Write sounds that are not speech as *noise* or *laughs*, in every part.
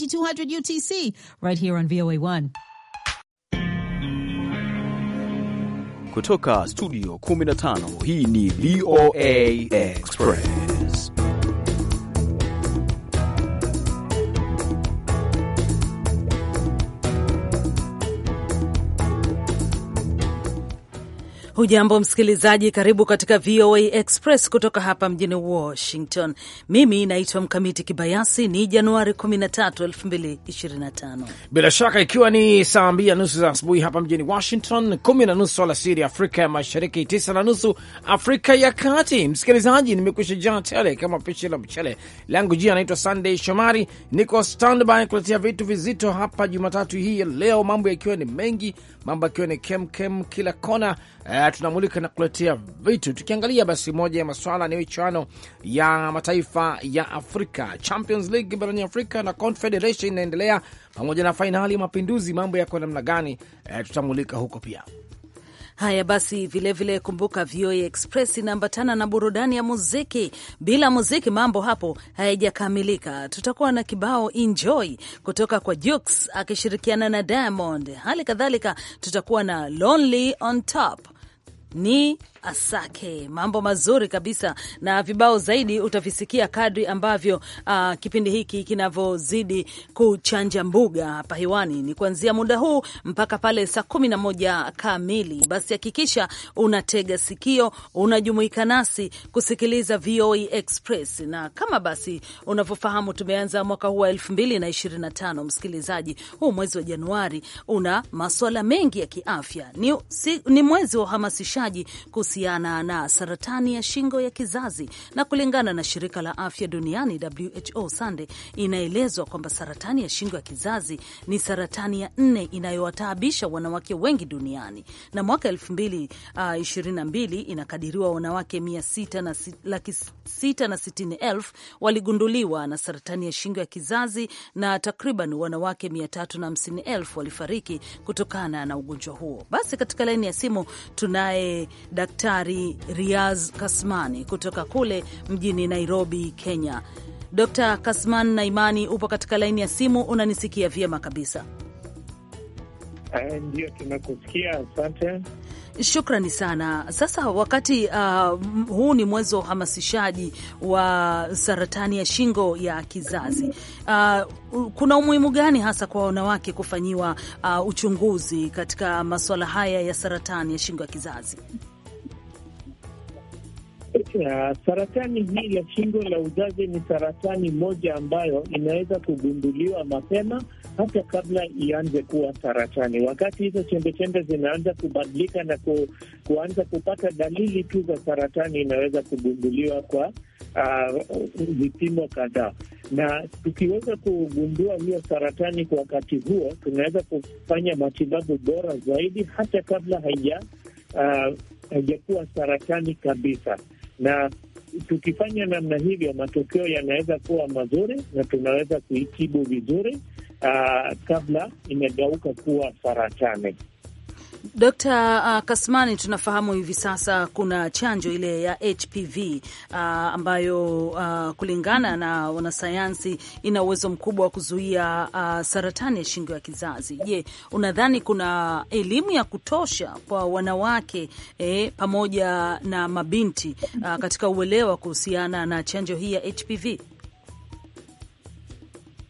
5200 UTC right here on VOA1. Kutoka studio 15 hii ni VOA Express. Hujambo msikilizaji, karibu katika VOA Express kutoka hapa mjini Washington. Mimi naitwa Mkamiti Kibayasi. Ni Januari 13, 2025, bila shaka ikiwa ni saa mbili na nusu za asubuhi hapa mjini Washington, kumi na nusu alasiri Afrika ya Mashariki, tisa na nusu Afrika ya Kati. Msikilizaji, nimekwisha jaa tele kama pishi la mchele langu. Jia anaitwa Sunday Shomari, niko standby kuletea vitu vizito hapa Jumatatu hii ya leo, mambo yakiwa ni mengi, mambo yakiwa ni kemkem kila kona eh, tunamulika na kuletea vitu tukiangalia. Basi moja ya maswala ni michuano ya mataifa ya Afrika, Champions League barani Afrika na Confederation inaendelea pamoja na fainali ya Mapinduzi. Mambo yako namna gani? Eh, tutamulika huko pia. Haya basi, vilevile vile kumbuka, VOA Express inaambatana na burudani ya muziki. Bila muziki mambo hapo hayajakamilika. Tutakuwa na kibao enjoy kutoka kwa Jux akishirikiana na Diamond. Hali kadhalika tutakuwa na lonely on top 你。Asake, mambo mazuri kabisa, na vibao zaidi utavisikia kadri ambavyo uh, kipindi hiki kinavyozidi kuchanja mbuga hapa hewani. Ni kuanzia muda huu mpaka pale saa kumi na moja kamili. Basi hakikisha unatega sikio, unajumuika nasi kusikiliza VOA e Express. Na kama basi unavyofahamu, tumeanza mwaka huu wa elfu mbili na ishirini na tano. Msikilizaji, huu mwezi wa Januari una maswala mengi ya kiafya, ni, si, ni mwezi wa uhamasishaji kuhusiana na saratani ya shingo ya kizazi, na kulingana na shirika la afya duniani WHO, Sande, inaelezwa kwamba saratani ya shingo ya kizazi ni saratani ya nne inayowataabisha wanawake wengi duniani, na mwaka 2022 uh, inakadiriwa wanawake mia waligunduliwa na saratani ya shingo ya kizazi na takriban wanawake mia walifariki kutokana na ugonjwa huo. Basi katika laini ya simu tunaye Dkt. Daktari Riaz Kasmani kutoka kule mjini Nairobi, Kenya. Dr Kasman Naimani, upo katika laini ya simu, unanisikia vyema kabisa? Eh, ndio, tunakusikia. Asante, shukrani sana. Sasa wakati uh, huu ni mwezi wa uhamasishaji wa saratani ya shingo ya kizazi, uh, kuna umuhimu gani hasa kwa wanawake kufanyiwa uh, uchunguzi katika masuala haya ya saratani ya shingo ya kizazi? Uh, saratani hii ya shingo la uzazi ni saratani moja ambayo inaweza kugunduliwa mapema hata kabla ianze kuwa saratani. Wakati hizo chembechembe zinaanza kubadilika na ku, kuanza kupata dalili tu za saratani, inaweza kugunduliwa kwa uh, vipimo uh, kadhaa, na tukiweza kugundua hiyo saratani kwa wakati huo, tunaweza kufanya matibabu bora zaidi hata kabla haija uh, haijakuwa saratani kabisa na tukifanya namna hivyo, matokeo yanaweza kuwa mazuri na tunaweza kuitibu vizuri, uh, kabla imegauka kuwa saratani. Dkt uh, Kasmani, tunafahamu hivi sasa kuna chanjo ile ya HPV uh, ambayo uh, kulingana na wanasayansi ina uwezo mkubwa wa kuzuia uh, saratani ya shingo ya kizazi. Je, unadhani kuna elimu ya kutosha kwa wanawake eh, pamoja na mabinti uh, katika uelewa kuhusiana na chanjo hii ya HPV?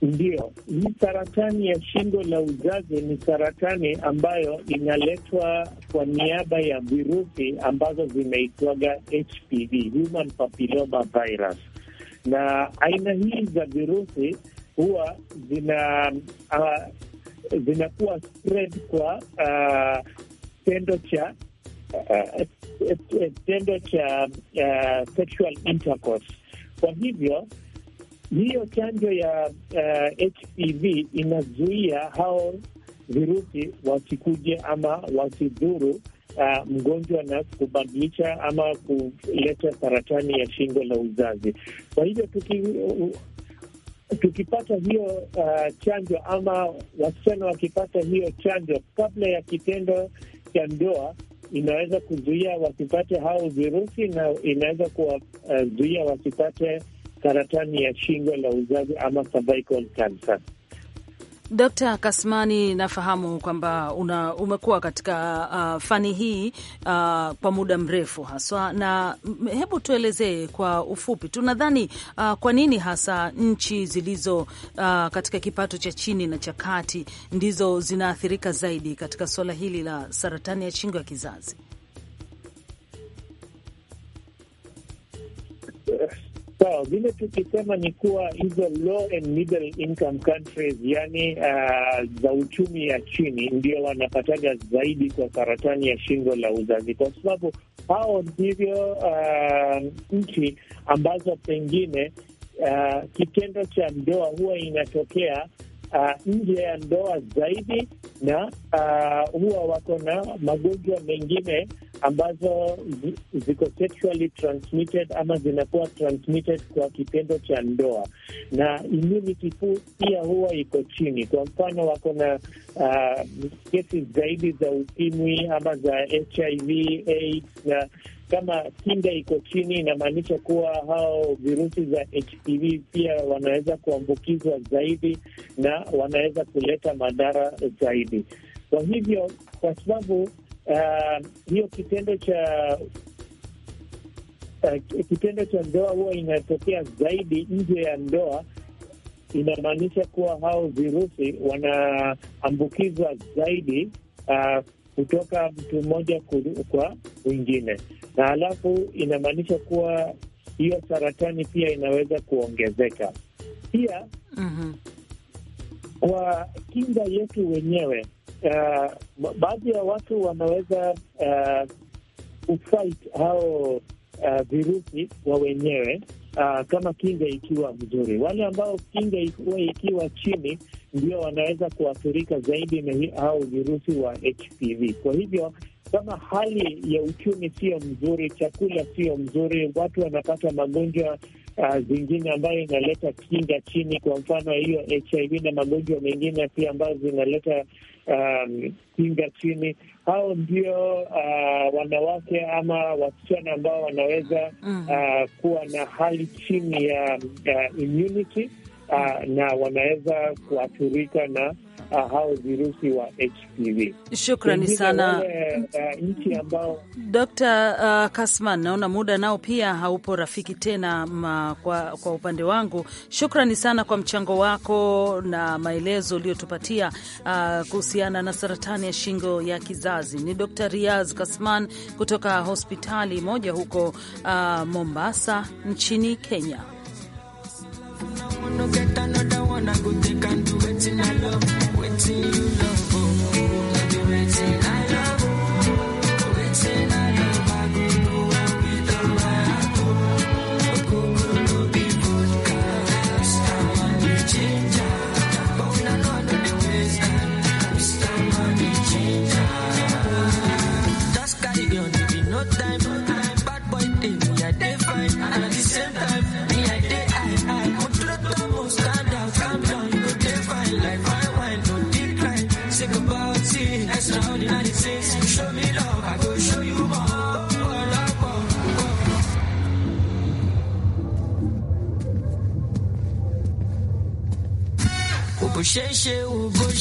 ndio hii saratani ya shingo la uzazi ni saratani ambayo inaletwa kwa niaba ya virusi ambazo zimeitwaga HPV, human papilloma virus, na aina hii za virusi huwa zina uh, zinakuwa spread kwa ah, tendo uh, cha ah, tendo uh, cha uh, sexual intercourse. Kwa hivyo hiyo chanjo ya uh, eh, HPV inazuia hao virusi wasikuje ama wasidhuru Uh, mgonjwa na kubadilisha ama kuleta saratani ya shingo la uzazi. Kwa hivyo tuki, uh, tukipata hiyo uh, chanjo ama wasichana wakipata hiyo chanjo kabla ya kitendo cha ndoa, inaweza kuzuia wasipate hao virusi na inaweza kuwazuia uh, wasipate saratani ya shingo la uzazi ama cervical cancer. Dr. Kasmani, nafahamu kwamba umekuwa katika uh, fani hii uh, kwa muda mrefu haswa, na hebu tuelezee kwa ufupi, tunadhani uh, kwa nini hasa nchi zilizo uh, katika kipato cha chini na cha kati ndizo zinaathirika zaidi katika suala hili la saratani ya shingo ya kizazi? Sawa, so, vile tukisema ni kuwa hizo low and middle income countries, yani uh, za uchumi ya chini ndio wanapataga zaidi kwa saratani ya shingo la uzazi, kwa sababu hao ndivyo uh, nchi ambazo pengine uh, kitendo cha ndoa huwa inatokea uh, nje ya ndoa zaidi na uh, huwa wako na magonjwa mengine ambazo ziko sexually transmitted ama zinakuwa transmitted kwa kitendo cha ndoa, na immunity pia huwa iko chini. Kwa mfano, wako na uh, kesi zaidi za ukimwi ama za HIV AIDS, na kama kinga iko chini, inamaanisha kuwa hao virusi za HPV pia wanaweza kuambukizwa zaidi na wanaweza kuleta madhara zaidi. Kwa hivyo kwa sababu Ehm, hiyo kitendo cha uh, kitendo cha ndoa huwa inatokea zaidi nje ya ndoa. Inamaanisha kuwa hao virusi wanaambukizwa zaidi uh, kutoka mtu mmoja kwa wingine na halafu inamaanisha kuwa hiyo saratani pia inaweza kuongezeka pia. mm -hmm. Kwa kinga yetu wenyewe uh, baadhi ya watu wanaweza uh, au hao uh, virusi wa wenyewe uh, kama kinga ikiwa mzuri. Wale ambao kinga ikiwa, ikiwa chini ndio wanaweza kuathirika zaidi na hao virusi wa HPV. Kwa hivyo kama hali ya uchumi sio mzuri, chakula sio mzuri, watu wanapata magonjwa uh, zingine ambayo inaleta kinga chini, kwa mfano hiyo HIV na magonjwa mengine pia ambayo zinaleta um, kinga chini. Hao ndio uh, wanawake ama wasichana ambao wanaweza mm. uh, kuwa na hali chini ya uh, immunity uh, na wanaweza kuathirika na uh, hao virusi wa HPV. Shukrani sana uh, nchi ambao Dr. uh, Kasman, naona muda nao pia haupo rafiki tena ma, kwa, kwa upande wangu, shukrani sana kwa mchango wako na maelezo uh, kuhusiana na saratani ya shingo ya kizazi. Ni Dr. Riaz Kasman kutoka hospitali moja huko uh, Mombasa nchini Kenya. No wanna get another one. I go take and do it in I love, waiting you love.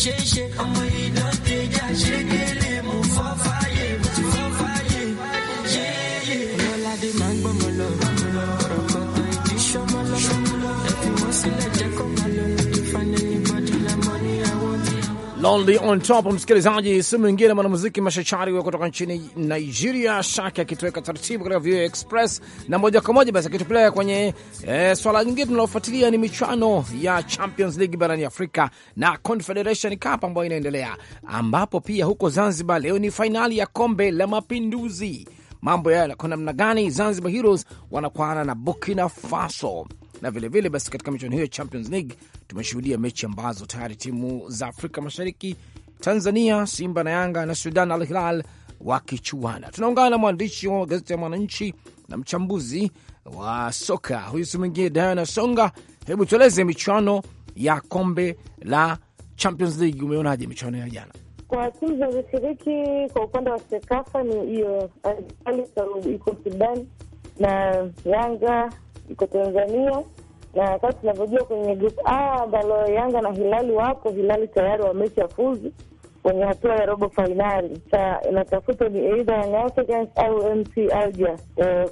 sheshe Lonely on Top, msikilizaji, si mwingine mwanamuziki mashachari huyo kutoka nchini Nigeria, Shake akitoweka taratibu katika VOA Express na moja kwa moja basi akitupelea kwenye e, swala nyingine tunalofuatilia ni michuano ya Champions League barani Afrika na Confederation Cup ambayo inaendelea, ambapo pia huko Zanzibar leo ni fainali ya kombe la Mapinduzi. Mambo yayo yako namna gani? Zanzibar Heroes wanakwana na Burkina Faso na vilevile vile basi, katika michuano hiyo ya Champions League tumeshuhudia mechi ambazo tayari timu za Afrika Mashariki, Tanzania Simba na Yanga na Sudan Al Hilal wakichuana. Tunaungana na mwandishi wa gazeti ya Mwananchi na mchambuzi wa soka huyu si mwingine Diana Songa. Hebu tueleze michuano ya kombe la Champions League, umeonaje michuano ya jana? Kwa timu zinazoshiriki kwa upande wa Sekafa ni hiyo iko Sudan na Yanga iko Tanzania, na wakati tunavyojua kwenye group A ambalo Yanga na Hilali wapo, Hilali tayari fuzu kwenye hatua ya robo fainali. Sa inatafuta ni either Young Africans au MC Alger eh,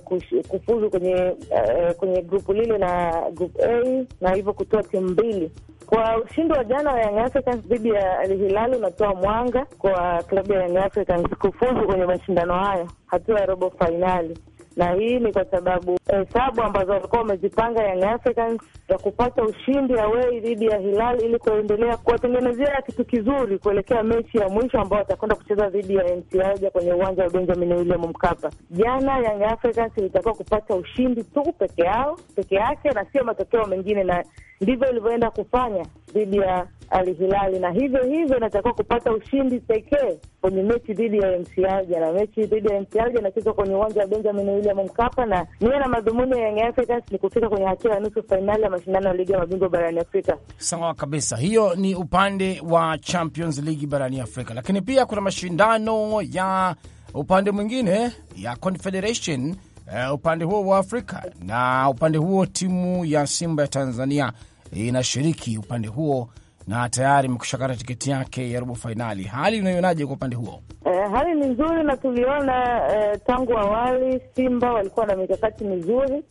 kufuzu kwenye eh, kwenye grupu lile na group A na hivyo kutoa timu mbili. Kwa ushindi wa jana wa Young Africans dhidi ya Al Hilal unatoa mwanga kwa klabu ya Young Africans kufuzu kwenye mashindano hayo hatua ya robo fainali na hii ni kwa sababu hesabu ambazo walikuwa wamezipanga Young Africans ya kupata ushindi awei dhidi ya Hilal ili kuendelea kuwatengenezea kitu kizuri kuelekea mechi ya mwisho ambao watakwenda kucheza dhidi ya NCR kwenye uwanja wa Benjamin William Mkapa. Jana Young Africans ilitakiwa kupata ushindi tu peke yao peke yake na sio matokeo mengine, na ndivyo ilivyoenda kufanya dhidi ya Al Hilali, na hivyo hivyo inatakiwa kupata ushindi pekee kwenye mechi dhidi ya MC Alger, na mechi dhidi ya MC Alger inachezwa kwenye uwanja wa Benjamin William Mkapa, na nia na madhumuni ya Young Africans ni kufika kwenye hatua ya nusu fainali ya mashindano ya ligi ya mabingwa barani Afrika. Sawa kabisa, hiyo ni upande wa Champions League barani Afrika, lakini pia kuna mashindano ya upande mwingine ya Confederation, uh, upande huo wa Afrika na upande huo timu ya Simba ya Tanzania inashiriki upande huo na tayari imekushakata tiketi yake ya robo fainali. Hali unaionaje kwa upande huo? Eh, hali ni nzuri na tuliona eh, tangu awali Simba walikuwa na mikakati mizuri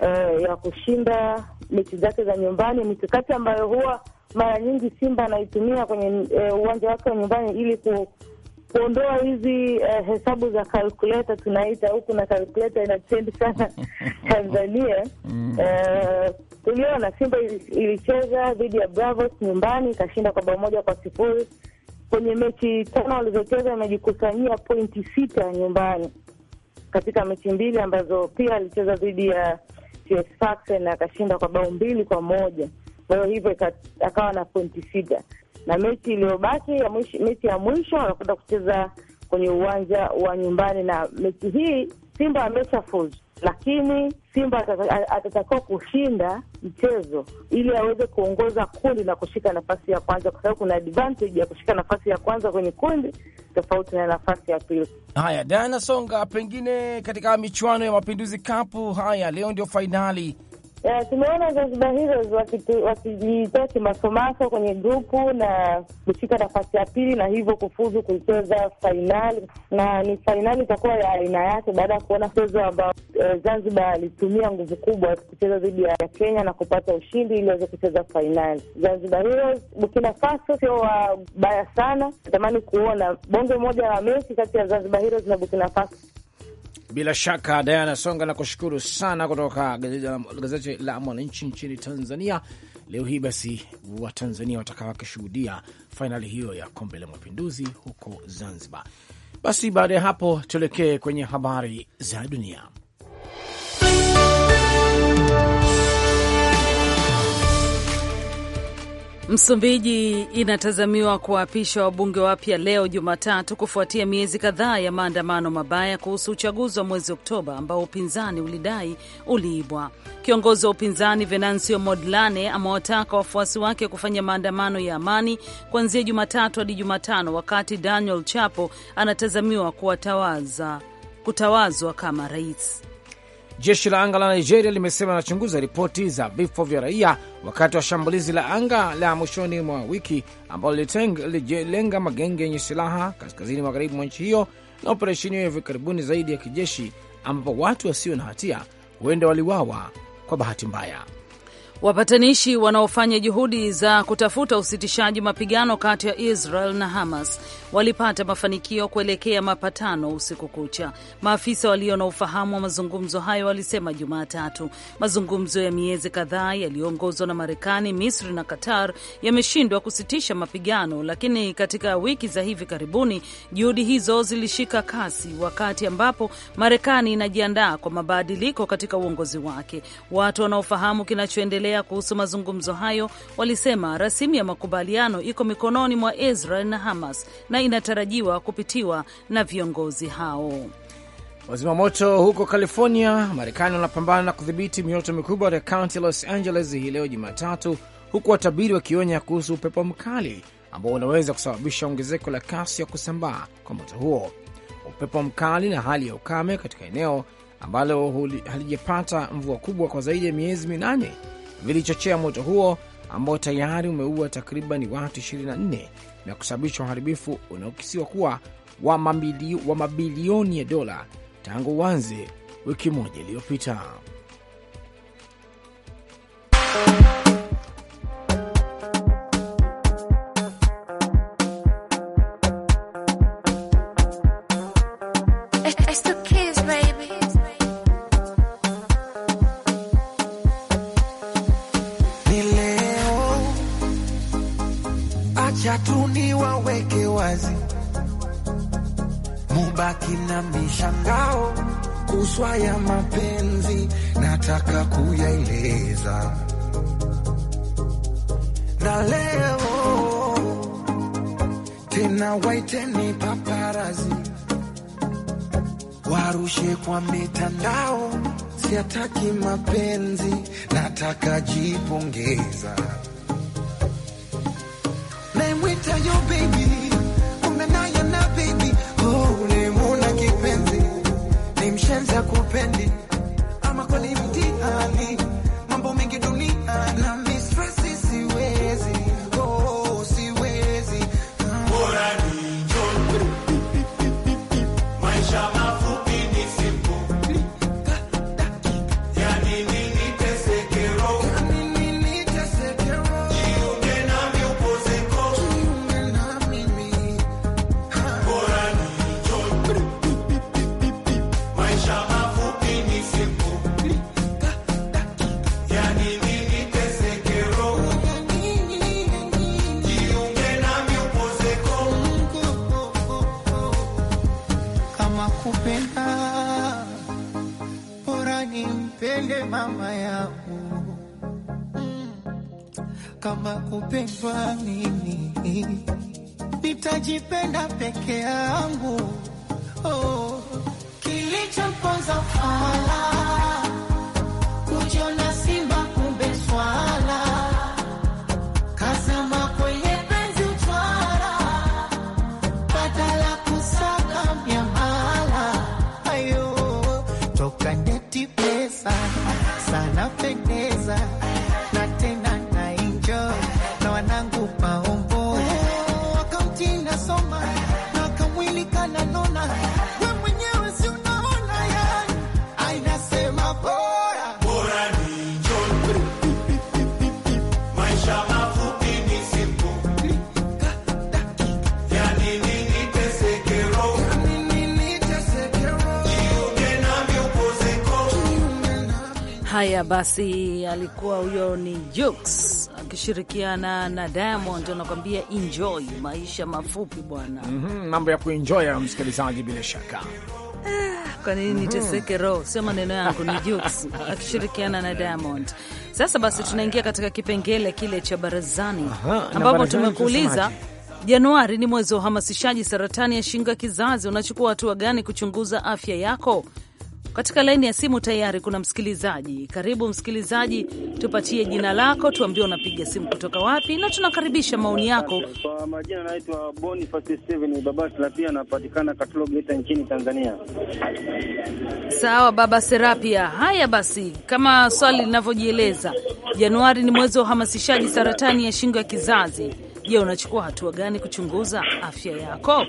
eh, ya kushinda mechi zake za nyumbani, mikakati ambayo huwa mara nyingi Simba anaitumia kwenye eh, uwanja wake wa nyumbani ili ku kuondoa hizi uh, hesabu za kalkuleta tunaita huku na kalkuleta inatendi sana *laughs* Tanzania. Uh, tuliona Simba ilicheza dhidi ya Bravos nyumbani ikashinda kwa bao moja kwa sifuri. Kwenye mechi tano walizocheza amejikusanyia pointi sita nyumbani katika mechi mbili ambazo pia alicheza dhidi ya TS Sfaxien akashinda kwa bao mbili kwa moja. Kwa hiyo hivyo akawa na pointi sita na mechi iliyobaki ya mwisho, mechi ya mwisho wanakwenda kucheza kwenye uwanja wa nyumbani, na mechi hii Simba ameshafuzu, lakini Simba atatakiwa kushinda mchezo ili aweze kuongoza kundi na kushika nafasi ya kwanza, kwa sababu kuna advantage ya kushika nafasi ya kwanza kwenye kundi tofauti na nafasi ya pili. Haya, Diana Songa, pengine katika michuano ya Mapinduzi Kapu, haya leo ndio fainali Eh, tumeona Zanzibar Heroes wakijitoa kimasomaso kwenye grupu na kushika nafasi ya pili na hivyo kufuzu kucheza fainali, na ni fainali itakuwa ya aina yake baada ya kuona mchezo ambao eh, Zanzibar alitumia nguvu kubwa kucheza dhidi ya Kenya na kupata ushindi ili aweze kucheza fainali. Zanzibar Heroes, Burkina Faso sio wabaya sana, natamani kuona bonge moja la mechi kati ya Zanzibar Heroes na Burkina Faso. Bila shaka Diana Songa, na kushukuru sana kutoka gazeti la Mwananchi nchini Tanzania. Leo hii basi Watanzania watakawa wakishuhudia fainali hiyo ya kombe la mapinduzi huko Zanzibar. Basi baada ya hapo, tuelekee kwenye habari za dunia. Msumbiji inatazamiwa kuwaapisha wabunge wapya leo Jumatatu kufuatia miezi kadhaa ya maandamano mabaya kuhusu uchaguzi wa mwezi Oktoba ambao upinzani ulidai uliibwa. Kiongozi wa upinzani Venancio Modlane amewataka wafuasi wake kufanya maandamano ya amani kuanzia Jumatatu hadi Jumatano, wakati Daniel Chapo anatazamiwa kuwatawaza kutawazwa kama rais. Jeshi la anga la Nigeria limesema linachunguza ripoti za vifo vya raia wakati wa shambulizi la anga la mwishoni mwa wiki ambalo lilenga magenge yenye silaha kaskazini magharibi mwa nchi hiyo, na operesheni hiyo hivi karibuni zaidi ya kijeshi ambapo watu wasio na hatia huenda waliwawa kwa bahati mbaya. Wapatanishi wanaofanya juhudi za kutafuta usitishaji mapigano kati ya Israel na Hamas walipata mafanikio kuelekea mapatano usiku kucha, maafisa walio na ufahamu wa mazungumzo hayo walisema Jumatatu. Mazungumzo ya miezi kadhaa yaliyoongozwa na Marekani, Misri na Qatar yameshindwa kusitisha mapigano, lakini katika wiki za hivi karibuni juhudi hizo zilishika kasi, wakati ambapo Marekani inajiandaa kwa mabadiliko katika uongozi wake. Watu wanaofahamu kinachoendelea kuendelea kuhusu mazungumzo hayo walisema rasimu ya makubaliano iko mikononi mwa Israel na Hamas na inatarajiwa kupitiwa na viongozi hao. Wazima moto huko California, Marekani wanapambana na kudhibiti mioto mikubwa katika kaunti ya Los Angeles hii leo Jumatatu, huku watabiri wakionya kuhusu upepo mkali ambao unaweza kusababisha ongezeko la kasi ya kusambaa kwa moto huo. Upepo mkali na hali ya ukame katika eneo ambalo halijapata mvua kubwa kwa zaidi ya miezi minane vilichochea moto huo ambao tayari umeua takriban watu 24 na kusababisha uharibifu unaokisiwa kuwa wa mabilioni ya dola tangu uanze wiki moja iliyopita. kujipongeza. nemwita yo baby, umenaya na baby, oh, nimuna kipenzi, nimshenza kupendi ama kweli mtihani ni nimpende mama yangu kama kupendwa mimi, nitajipenda peke yangu. Oh, kilichoponza falaa sana sana pengine Haya basi, alikuwa huyo ni Jux akishirikiana na Diamond, anakuambia enjoy maisha mafupi bwana. mm -hmm, mambo ya kuenjoy ya msikilizaji, bila shaka ah, kwa nini mm -hmm. niteseke roho, sio maneno yangu, ni Jux *laughs* akishirikiana na Diamond. Sasa basi, tunaingia katika kipengele kile cha barazani, ambapo tumekuuliza Januari ni mwezi wa uhamasishaji saratani ya shingo ya kizazi. Unachukua hatua gani kuchunguza afya yako? Katika laini ya simu tayari kuna msikilizaji. Karibu msikilizaji, tupatie jina lako, tuambie unapiga simu kutoka wapi, na tunakaribisha maoni yako. Kwa majina naitwa Boniface Steven Babasi la pia anapatikana Katologeta nchini Tanzania. Sawa baba Serapia. Haya basi, kama swali linavyojieleza, Januari ni mwezi wa uhamasishaji saratani ya shingo ya kizazi. Je, unachukua hatua gani kuchunguza afya yako?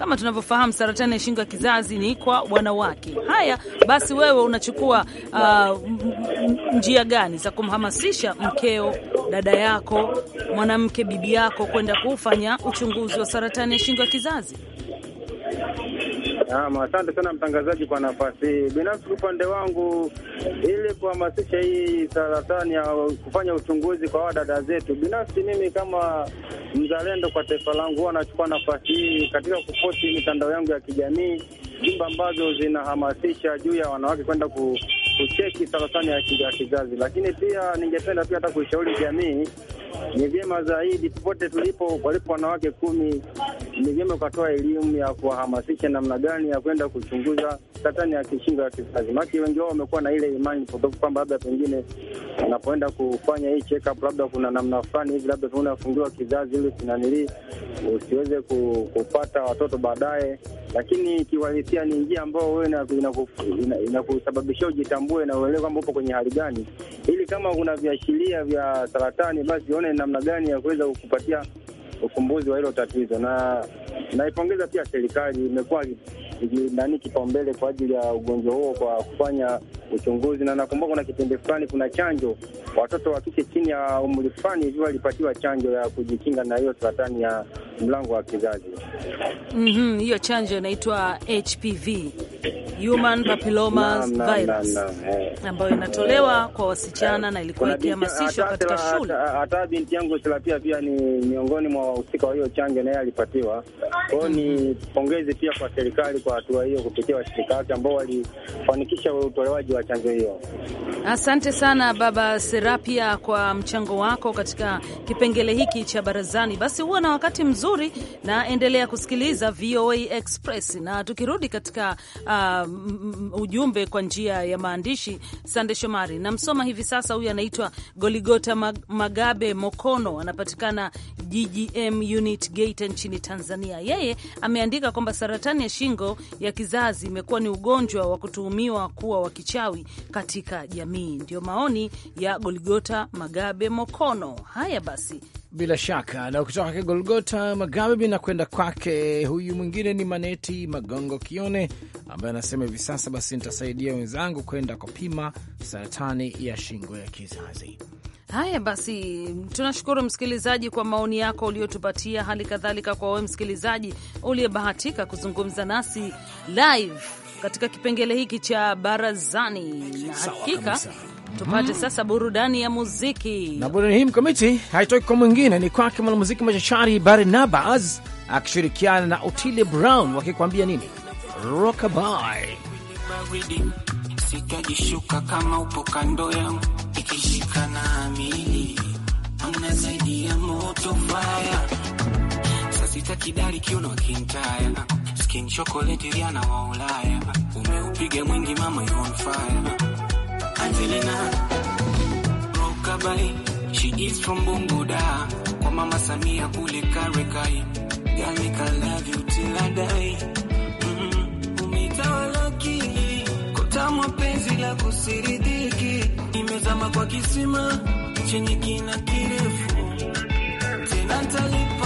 Kama tunavyofahamu, saratani ya shingo ya kizazi ni kwa wanawake. Haya basi, wewe unachukua uh, njia gani za kumhamasisha mkeo, dada yako, mwanamke, bibi yako kwenda kufanya uchunguzi wa saratani ya shingo ya kizazi? Naam, asante sana mtangazaji kwa nafasi hii. Binafsi upande wangu, ili kuhamasisha hii saratani ya kufanya uchunguzi kwa wadada zetu, binafsi mimi kama mzalendo kwa taifa langu, huwa nachukua nafasi hii katika kupoti mitandao yangu ya kijamii, jumba ambazo zinahamasisha juu ya wanawake kwenda ku kucheki saratani ya kizazi. Lakini pia ningependa pia hata kuishauri jamii, ni vyema zaidi popote tulipo, walipo wanawake kumi ni vyema ukatoa elimu ya kuwahamasisha namna gani ya kwenda kuchunguza saratani ya kishingo ya kizazi. Maki wengi wao wamekuwa na ile imani potofu kwamba labda pengine wanapoenda kufanya hii check up, labda kuna namna fulani hivi, labda afungiwa kizazi ili kinanilii usiweze kupata watoto baadaye, lakini kiwalisia ni njia ambayo wewe inakusababishia ujitambue na uelewe kwamba upo kwenye hali gani, ili kama kuna viashiria vya saratani, basi one namna gani ya kuweza kukupatia ufumbuzi wa hilo tatizo, na naipongeza pia serikali, imekuwa nani kipaumbele kwa ajili ya ugonjwa huo kwa kufanya uchunguzi, na nakumbuka kuna kipindi fulani, kuna chanjo watoto wa kike chini ya umri fulani hivi walipatiwa chanjo ya kujikinga na hiyo saratani ya mlango wa kizazi. mm -hmm, hiyo chanjo inaitwa HPV Human Papilloma Virus eh. ambayo inatolewa kwa wasichana na ilikuwa ikihamasishwa katika shule. Hata binti yangu Silapia pia ni miongoni mwa wahusika wa hiyo chanjo, naye alipatiwa. Kwa hiyo ni mhm. pongezi pia kwa serikali kwa hatua hiyo kupitia washirika wake ambao walifanikisha utolewaji wa kupewa chanjo hiyo. Asante sana Baba Serapia kwa mchango wako katika kipengele hiki cha barazani. Basi huwa na wakati mzuri na endelea kusikiliza VOA Express. Na tukirudi katika uh, ujumbe kwa njia ya maandishi, Sande Shomari namsoma hivi sasa. Huyu anaitwa Goligota Magabe Mokono, anapatikana GGM unit Geita nchini Tanzania. Yeye ameandika kwamba saratani ya shingo ya kizazi imekuwa ni ugonjwa wa kutuhumiwa kuwa wakichawi ustawi katika jamii. ndio maoni ya Golgota Magabe Mokono. Haya basi, bila shaka na ukitoka kwake Golgota Magabe bina kwenda kwake huyu mwingine ni Maneti Magongo Kione, ambaye anasema hivi sasa basi nitasaidia wenzangu kwenda kupima saratani ya shingo ya kizazi. Haya basi, tunashukuru msikilizaji kwa maoni yako uliotupatia, hali kadhalika kwa wewe msikilizaji uliyebahatika kuzungumza nasi live katika kipengele hiki cha barazani, na hakika tupate mm, sasa burudani ya muziki. Na burudani hii mkamiti haitoki kwa mwingine, ni kwake mwanamuziki machachari Barnabas akishirikiana na Otile Brown wakikwambia nini, rockabye sitajishuka kama upo kando yangu, ikishika na amili amna zaidi ya moto faya, sasa sitakidari kiuno kintaya Skin chocolate Rihanna wa Ulaya, umeupiga mwingi mama you on fire. Angelina Rokabai, she is from Bunguda, kwa mama Samia kule Karekai. yani I love you till I die. Mm -hmm. Umetawala kili, kotamwa penzi la kusiridiki, imezama kwa kisima chenye kina kirefu. Tena talipa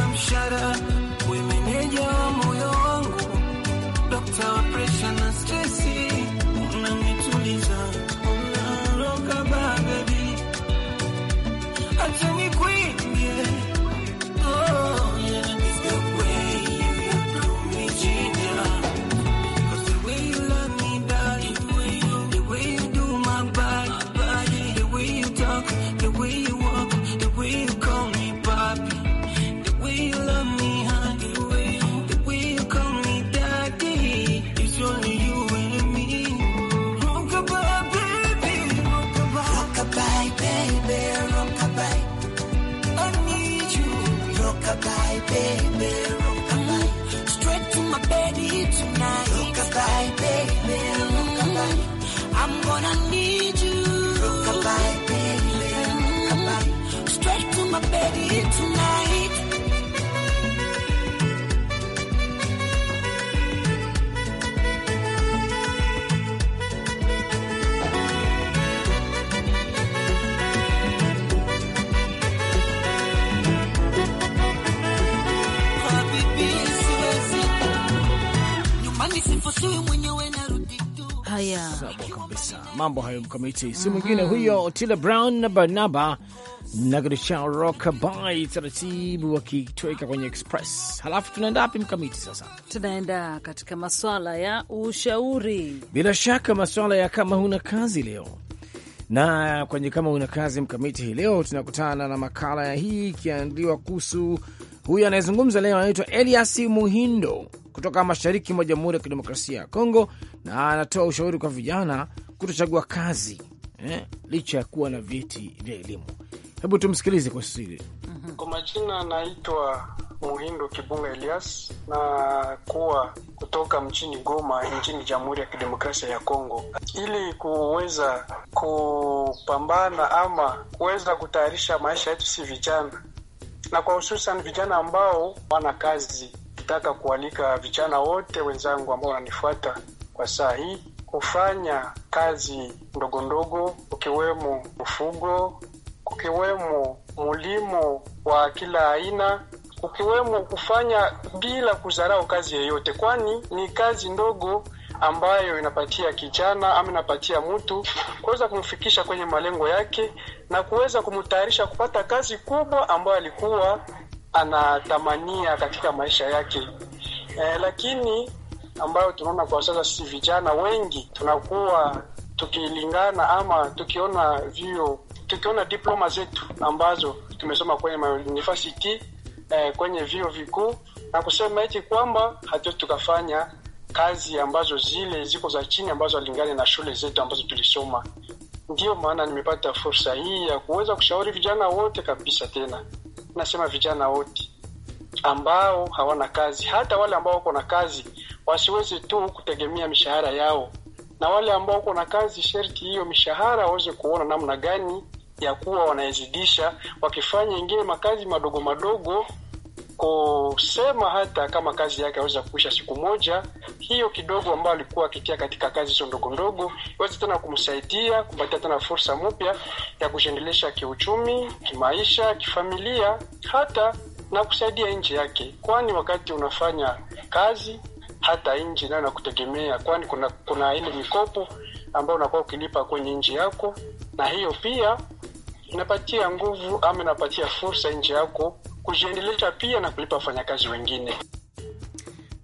mambo hayo mkamiti, si mhm. mwingine mm -hmm. Huyo Otile Brown na Barnaba na kitu chao rokabai, taratibu wakitweka kwenye express. Halafu tunaenda wapi mkamiti? Sasa tunaenda katika maswala ya ushauri, bila shaka maswala ya kama huna kazi leo na kwenye kama una kazi mkamiti, hii leo tunakutana na makala ya hii ikiandiwa kuhusu huyu anayezungumza leo anaitwa Elias Muhindo kutoka mashariki mwa Jamhuri ya Kidemokrasia ya Kongo, na anatoa ushauri kwa vijana kutochagua kazi eh, licha ya kuwa na vyeti vya elimu. Hebu tumsikilize kwa siri. Mm-hmm. Kwa majina anaitwa Muhindo Kibunga Elias na kuwa kutoka mchini Goma nchini Jamhuri ya Kidemokrasia ya Kongo. Ili kuweza kupambana ama kuweza kutayarisha maisha yetu si vijana, na kwa hususan vijana ambao wana kazi nikitaka kualika vijana wote wenzangu ambao wananifuata kwa saa hii kufanya kazi ndogo ndogo, ukiwemo mfugo, ukiwemo mulimo wa kila aina, ukiwemo kufanya bila kudharau kazi yeyote, kwani ni kazi ndogo ambayo inapatia kijana ama inapatia mtu kuweza kumfikisha kwenye malengo yake na kuweza kumtayarisha kupata kazi kubwa ambayo alikuwa anatamania katika maisha yake eh, lakini ambayo tunaona kwa sasa, sisi vijana wengi tunakuwa tukilingana ama tukiona vyo tukiona diploma zetu ambazo tumesoma kwenye mauniversity eh, kwenye vio vikuu na kusema eti kwamba hatuwezi tukafanya kazi ambazo zile ziko za chini ambazo alingane na shule zetu ambazo tulisoma. Ndiyo maana nimepata fursa hii ya kuweza kushauri vijana wote kabisa tena nasema vijana wote ambao hawana kazi, hata wale ambao wako na kazi wasiweze tu kutegemea mishahara yao, na wale ambao wako na kazi sherti hiyo mishahara waweze kuona namna gani ya kuwa wanaezidisha, wakifanya ingine makazi madogo madogo kusema hata kama kazi yake aweza kuisha siku moja, hiyo kidogo ambayo alikuwa akitia katika kazi hizo ndogo ndogo iweze tena kumsaidia kupatia tena fursa mpya ya kujiendelesha kiuchumi, kimaisha, kifamilia, hata na kusaidia nchi yake, kwani wakati unafanya kazi hata nchi nayo nakutegemea, kwani kuna kuna ile mikopo ambayo unakuwa ukilipa kwenye nchi yako, na hiyo pia inapatia nguvu ama inapatia fursa nchi yako kujiendeleza pia na kulipa wafanyakazi wengine.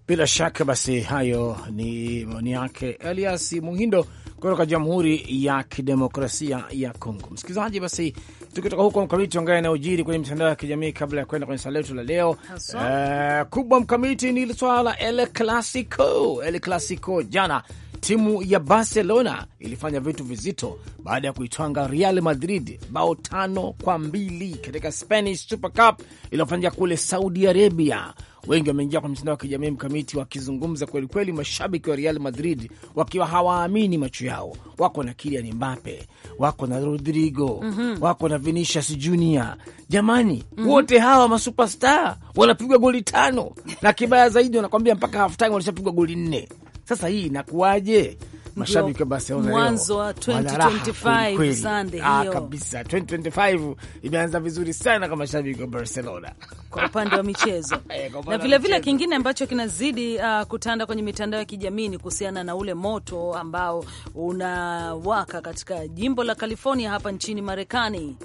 Bila shaka basi, hayo ni maoni yake Elias Muhindo kutoka Jamhuri ya Kidemokrasia ya Kongo. Msikilizaji, basi tukitoka huko Mkamiti, na ujiri kwenye mitandao ya kijamii kabla ya kwenda kwenye swala letu la leo. Uh, kubwa Mkamiti ni swala la El Clasico. El Clasico jana Timu ya Barcelona ilifanya vitu vizito baada ya kuitwanga Real Madrid bao tano kwa mbili katika Spanish Super Cup iliyofanyika kule Saudi Arabia. Wengi wameingia kwenye mtandao wa kijamii mkamiti, wakizungumza kwelikweli, mashabiki wa Real Madrid wakiwa hawaamini macho yao. Wako na Kylian Mbappe, wako na Rodrigo mm -hmm. wako na Vinicius Junior. Jamani mm -hmm. wote hawa masuperstar wanapigwa goli tano na kibaya zaidi, wanakwambia mpaka halftime walishapigwa goli nne. Sasa hii inakuwaje? Mashabiki wa Barcelona mwanzo wa 2025 hiyo ah, kabisa, 2025 imeanza vizuri sana kwa mashabiki wa Barcelona kwa upande wa michezo *laughs* eh, na vile vile kingine ambacho kinazidi uh, kutanda kwenye mitandao ya kijamii ni kuhusiana na ule moto ambao unawaka katika jimbo la California hapa nchini Marekani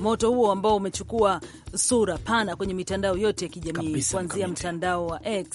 moto huo ambao umechukua sura pana kwenye mitandao yote ya kijamii kuanzia mtandao wa X,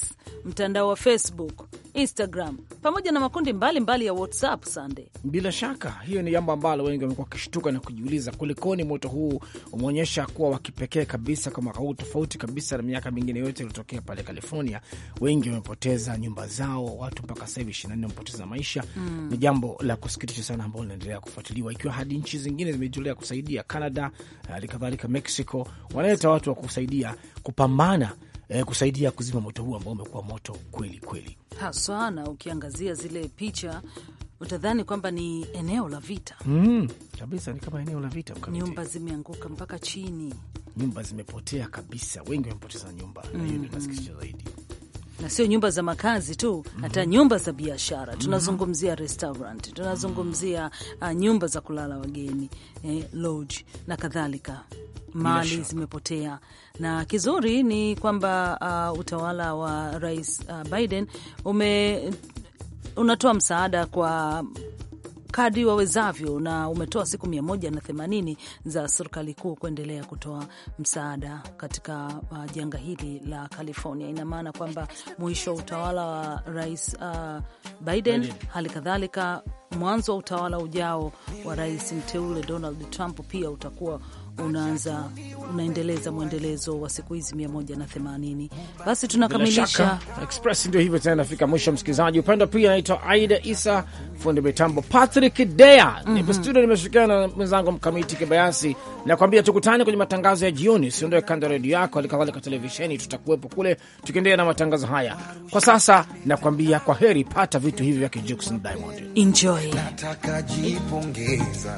mtandao wa Facebook, Instagram pamoja na makundi mbalimbali mbali ya WhatsApp. Sande, bila shaka hiyo ni jambo ambalo wengi wamekuwa wakishtuka na kujiuliza kulikoni moto huu umeonyesha kuwa wa kipekee kabisa kwa mwaka huu, tofauti kabisa na miaka mingine yote iliyotokea pale California. Wengi wamepoteza nyumba zao, watu mpaka sasa hivi ishirini na nne wamepoteza maisha. Mm, ni jambo la kusikitisha sana ambalo linaendelea kufuatiliwa, ikiwa hadi nchi zingine zimejitolea kusaidia. Canada, eh, halikadhalika Mexico wanaleta watu wa kusaidia kupambana eh, kusaidia kuzima moto huu ambao umekuwa moto kweli kweli, haswa na ukiangazia zile picha utadhani kwamba ni eneo la vita mm, kabisa. Ni kama eneo la vita, nyumba zimeanguka mpaka chini, nyumba zimepotea kabisa, wengi wamepoteza nyumba mm. na hiyo mm. inasikitisha zaidi na sio nyumba za makazi tu, mhm. hata nyumba za biashara mhm. tunazungumzia, restaurant tunazungumzia, uh, nyumba za kulala wageni eh, lodge na kadhalika, mali zimepotea na kizuri ni kwamba uh, utawala wa Rais uh, Biden ume unatoa msaada kwa kadi wawezavyo na umetoa siku mia moja na themanini za serikali kuu kuendelea kutoa msaada katika uh, janga hili la California. Ina maana kwamba mwisho wa utawala wa rais uh, Biden, hali kadhalika mwanzo wa utawala ujao wa rais mteule Donald Trump pia utakuwa unaanza unaendeleza mwendelezo wa siku hizi 180. Basi tunakamilisha Express, ndio hivyo tena, nafika mwisho. Msikilizaji upande pia, naitwa Aida Isa, fundi mitambo Patrick Dea, mm -hmm. nipo mhm. studio, nimeshirikiana na mwenzangu Mkamiti Kibayasi na tukutane kwenye matangazo ya jioni. Siondoe kando ya redio yako, alikadhalika televisheni, tutakuwepo kule tukiendelea na matangazo haya. Kwa sasa nakwambia kwa heri, pata vitu hivi vya Kijux Diamond, enjoy. Nataka jipongeza